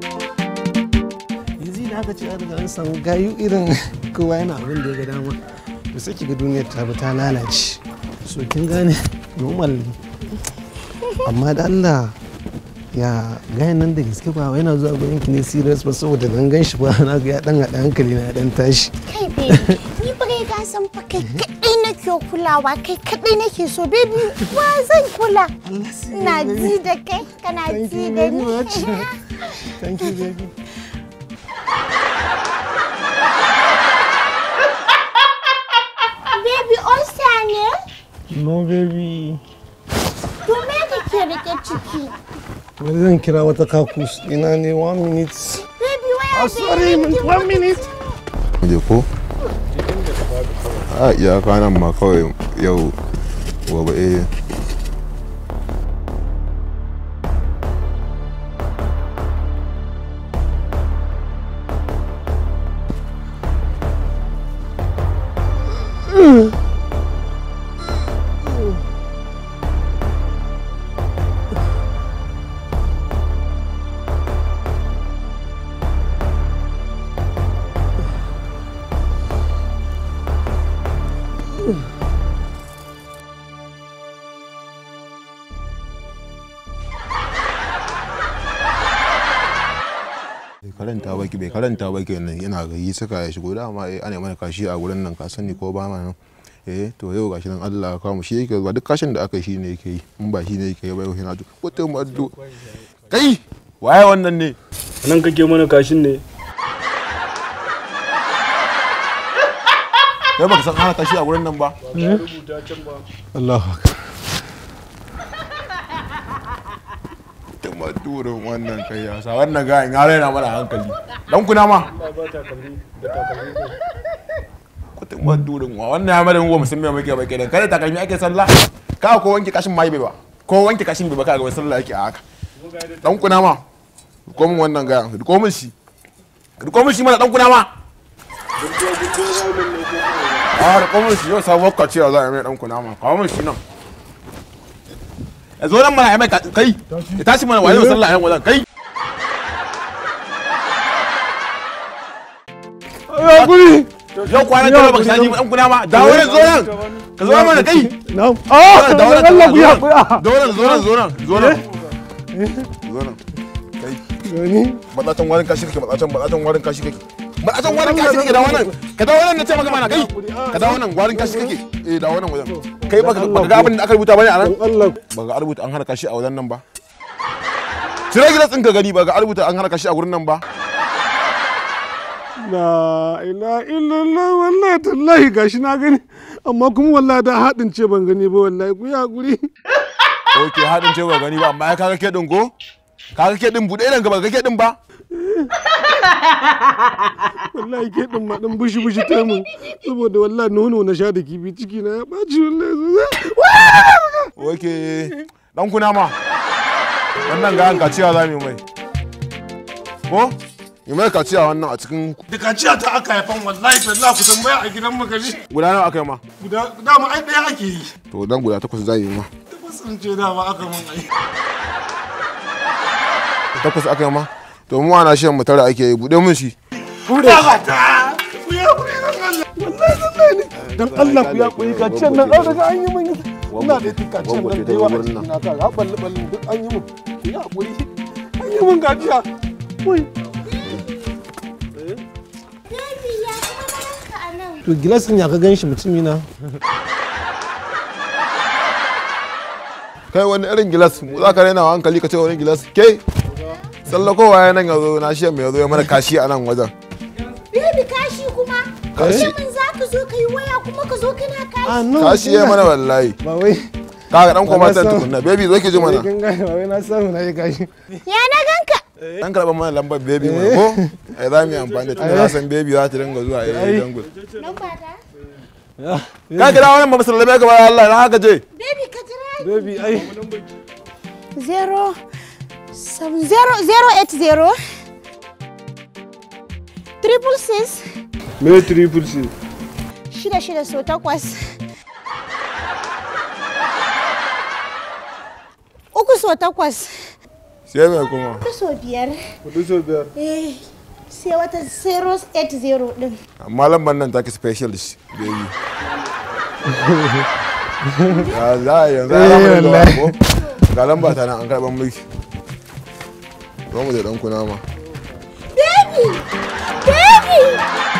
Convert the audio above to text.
yanzu da aka ce an riga an samu gayu irin kowa yana abin da ya ga dama da saki ga duniyar ta ta lalace so kin gane normal ne amma da Allah ya gayan nan da gaske ba yana zuwa gurin ki ne serious ba saboda dan gan shi ba na ga ya dan hada hankali na dan tashi kai baby ni ba kai ka san fa kai kadai nake kulawa kai kadai nake so baby ba zan kula na ji da kai kana ji da ni Thank you, baby. baby, o seni. No baby. Durmaya da kereke çıkayım. Neden kiravata in only one minute. Baby, where are oh, Sorry, one minute. Ne ko? Ah, ya kanan ma Yo, what gobe eh. Ooh. Mm. karanta ba ki bai karanta ba ki nan yana gayi saka ya shigo da ma eh, ana mana kashi a gurin nan ka sani ko ba nan eh to yau gashi nan Allah ya kawo shi yake ba duk kashin da aka shi ne yake yi in ba shi ne yake yi ba yau yana to wata mu addu kai waye wannan ne nan kake mana kashin ne ba ka san ana kashi a gurin nan ba hmm? Allahu akbar madurin wannan kai ya sa wannan gayan ya raina mana hankali dan kuna ma kutin madurin wa wannan ya mara wa musulmi mai gaba kenan kada takalmi ake sallah ka ko wanke kashin mai ba ko wanke kashin bai ba ka ga sallah yake a haka dan kuna ma ko mun wannan ga ko mun shi ko mun shi mana dan kuna ma a ah, ko mun shi yau sabuwar kwaciya za a yi mai dan kuna ma ko mun shi nan a zo nan mana ai mai kai ya tashi mana wani sallah yan wajen kai ya guri yau kwana tara baka sani dan kuna ma dawo ne zo ka zo mana kai na'am ah dawo nan Allah ku ya zo nan zo nan zo nan eh? kai gani matsatan warin kashi kake matsatan matsatan warin kashi kake matsatan warin kashi kake da nan ka dawo nan na ce maka mana kai ka dawo nan warin kashi kake eh dawo nan wajen kai baka ga abin da aka rubuta bane a nan ba ga rubuta an hana kashi a wajen nan ba cire gidan tsinka ka gani ba ga rubuta an hana kashi a gurin nan ba la ila Allah wallahi tallahi gashi na gani amma kuma wallahi da haɗin ce ban gani ba wallahi ku ya guri ok haɗin ce ban gani ba amma ya kaga ke ɗin ko kaga ke din buɗe idan ga ba ga ke din ba wallahi ke din ma dan bushi bushi ta mu saboda wallahi nono na sha da kifi ciki na ya baci wallahi oke dan kuna ma wannan ga kaciya za mu mai ko yi mai kaciya wannan a cikin da kaciya ta aka haifan wallahi talla ku tambaya a gidan magani guda nawa aka yi ma guda mu ai daya ake yi to dan guda takwas za yi ma takwas sun ce dama aka mun ai takwas aka yi ma to mu ana shan mu tara ake yi bude mun shi bude ta dan Allah ku ya koyi ka can nan an riga an yi min ina da tika can nan da yawa a cikin na kan haɓar liɓalin duk an yi mun ku ya koyi an yi min gajiya wai to gilasin ya ka gan shi mutumi na. kai wani irin gilas mu za ka raina hankali ka ce wani gilas ke kowa ya nan ya zo na shi mai zo ya mana kashi a nan wajen baby kashi kuma kashi mun za ka zo ka yi waya kuma ka zo kana kashi ah, kashi ya mana wallahi ba wai ga dan kuma ta tukunna baby zo ki ji mana ba wai na samu na yi kashi ya na ganka dan karɓar mana lambar baby mai ko ai za mu yi amfani da tunda na san baby za ta dinga zuwa ai dangul lamba ta ah. ka kira wannan ba musulmai ka ba Allah na haka je baby ka jira baby ai zero zero eight zero triple six. Me triple six. Shida shida so takwas. Uku so takwas. Sai mai kuma. so biyar. so biyar. Eh. wata zero eight Malam nan take specialist da yi. Ya za a yanzu ya lamba ta nan an karɓar mulki. Vamos da ɗan kunama. Baby! Baby!